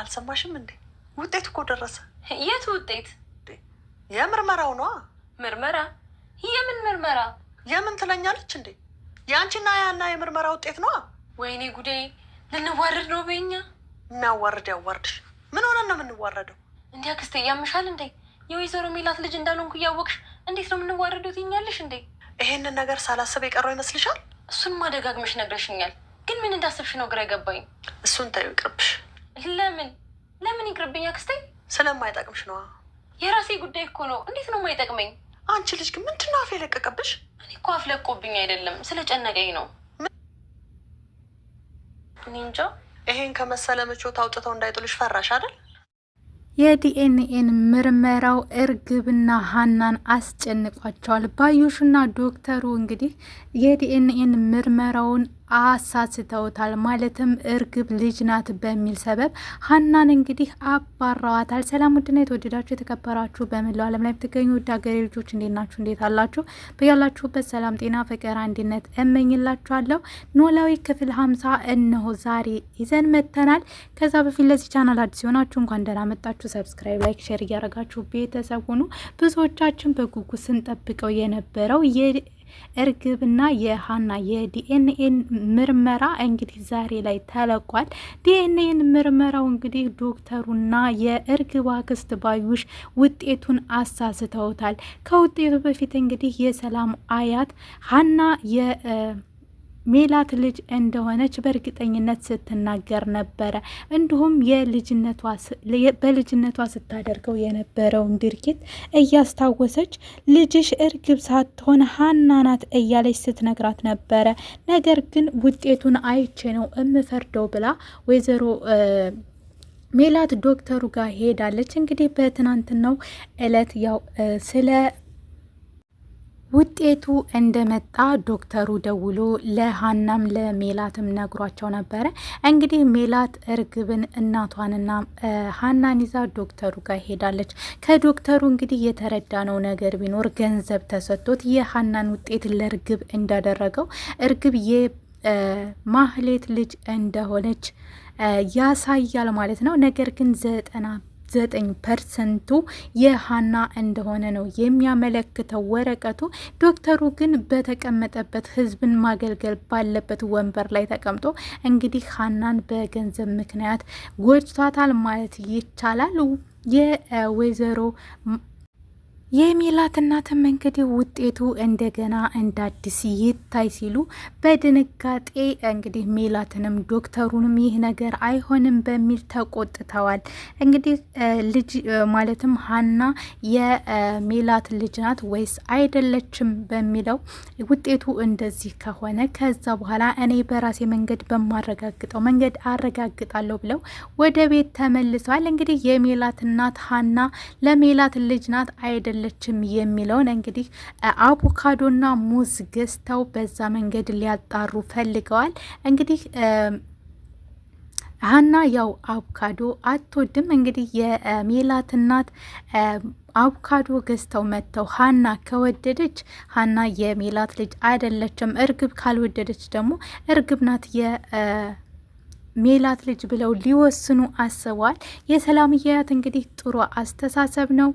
አልሰማሽም እንዴ? ውጤት እኮ ደረሰ። የት ውጤት? የምርመራው ነዋ። ምርመራ? የምን ምርመራ? የምን ትለኛለች እንዴ? የአንቺና ያና የምርመራ ውጤት ነዋ። ወይኔ ጉዴ! ልንዋረድ ነው በኛ። እናዋርድ ያዋርድሽ። ምን ሆነን ነው የምንዋረደው? እንዲ አክስቴ ያምሻል እንዴ? የወይዘሮ ሚላት ልጅ እንዳልሆንኩ እያወቅሽ እንዴት ነው የምንዋረደው ትኛለሽ እንዴ? ይሄንን ነገር ሳላስብ የቀረው ይመስልሻል? እሱን ማደጋግመሽ ነግረሽኛል። ግን ምን እንዳስብሽ ነው ግራ አይገባኝ። እሱን ታዩ ይቅርብሽ። ለምን ለምን ይቅርብኝ አክስቴ? ስለማይጠቅምሽ ነዋ። የራሴ ጉዳይ እኮ ነው። እንዴት ነው የማይጠቅመኝ? አንቺ ልጅ ግን ምንድን ነው አፍ የለቀቀብሽ? እኔ እኮ አፍ ለቆብኝ አይደለም፣ ስለጨነቀኝ ነው። እኔ እንጃ። ይሄን ከመሰለ ምቾት አውጥተው እንዳይጥሉሽ ፈራሽ አይደል? የዲኤንኤን ምርመራው እርግብና ሀናን አስጨንቋቸዋል። ባዩሽና ዶክተሩ እንግዲህ የዲኤንኤን ምርመራውን አሳስተውታል። ማለትም እርግብ ልጅ ናት በሚል ሰበብ ሀናን እንግዲህ አባረዋታል። ሰላም ውድና የተወደዳችሁ የተከበራችሁ በመላው ዓለም ላይ የምትገኙ ውድ ሀገሬ ልጆች እንዴት ናችሁ? እንዴት አላችሁ? በያላችሁበት ሰላም፣ ጤና፣ ፍቅር፣ አንድነት እመኝላችኋለሁ። ኖላዊ ክፍል ሀምሳ እነሆ ዛሬ ይዘን መጥተናል። ከዛ በፊት ለዚህ ቻናል አዲስ የሆናችሁ እንኳን ደህና መጣችሁ። ሰብስክራይብ፣ ላይክ፣ ሼር እያደረጋችሁ ቤተሰብ ሁኑ። ብዙዎቻችን በጉጉት ስንጠብቀው የነበረው እርግብና የሀና የዲኤንኤን ምርመራ እንግዲህ ዛሬ ላይ ተለቋል። ዲኤንኤን ምርመራው እንግዲህ ዶክተሩና የእርግብ አክስት ባዩሽ ውጤቱን አሳስተውታል። ከውጤቱ በፊት እንግዲህ የሰላም አያት ሀና የ ሜላት ልጅ እንደሆነች በእርግጠኝነት ስትናገር ነበረ። እንዲሁም በልጅነቷ ስታደርገው የነበረውን ድርጊት እያስታወሰች ልጅሽ እርግብ ሳትሆን ሀና ናት እያለች ስትነግራት ነበረ። ነገር ግን ውጤቱን አይቼ ነው እምፈርደው ብላ ወይዘሮ ሜላት ዶክተሩ ጋር ሄዳለች። እንግዲህ በትናንትናው እለት ያው ስለ ውጤቱ እንደመጣ ዶክተሩ ደውሎ ለሀናም ለሜላትም ነግሯቸው ነበረ። እንግዲህ ሜላት እርግብን እናቷንና ሀናን ይዛ ዶክተሩ ጋር ሄዳለች። ከዶክተሩ እንግዲህ የተረዳነው ነገር ቢኖር ገንዘብ ተሰጥቶት የሀናን ውጤት ለእርግብ እንዳደረገው እርግብ የማህሌት ልጅ እንደሆነች ያሳያል ማለት ነው። ነገር ግን ዘጠና ዘጠኝ ፐርሰንቱ የሀና እንደሆነ ነው የሚያመለክተው ወረቀቱ። ዶክተሩ ግን በተቀመጠበት ህዝብን ማገልገል ባለበት ወንበር ላይ ተቀምጦ እንግዲህ ሀናን በገንዘብ ምክንያት ጎድቷታል ማለት ይቻላል የወይዘሮ የሚላት እናትም እንግዲህ ውጤቱ እንደገና እንደ አዲስ ይታይ ሲሉ በድንጋጤ እንግዲህ ሜላትንም ዶክተሩንም ይህ ነገር አይሆንም በሚል ተቆጥተዋል። እንግዲህ ልጅ ማለትም ሀና የሜላት ልጅ ናት ወይስ አይደለችም በሚለው ውጤቱ እንደዚህ ከሆነ ከዛ በኋላ እኔ በራሴ መንገድ በማረጋግጠው መንገድ አረጋግጣለሁ ብለው ወደ ቤት ተመልሰዋል። እንግዲህ የሜላት እናት ሀና ለሜላት ልጅ ናት አይደለችም አይደለችም የሚለውን እንግዲህ አቮካዶና ሙዝ ገዝተው በዛ መንገድ ሊያጣሩ ፈልገዋል እንግዲህ ሀና ያው አቮካዶ አትወድም። እንግዲህ የሜላት እናት አቮካዶ ገዝተው መጥተው ሀና ከወደደች ሀና የሜላት ልጅ አይደለችም፣ እርግብ ካልወደደች ደግሞ እርግብ ናት የሜላት ልጅ ብለው ሊወስኑ አስበዋል። የሰላም እያያት እንግዲህ ጥሩ አስተሳሰብ ነው።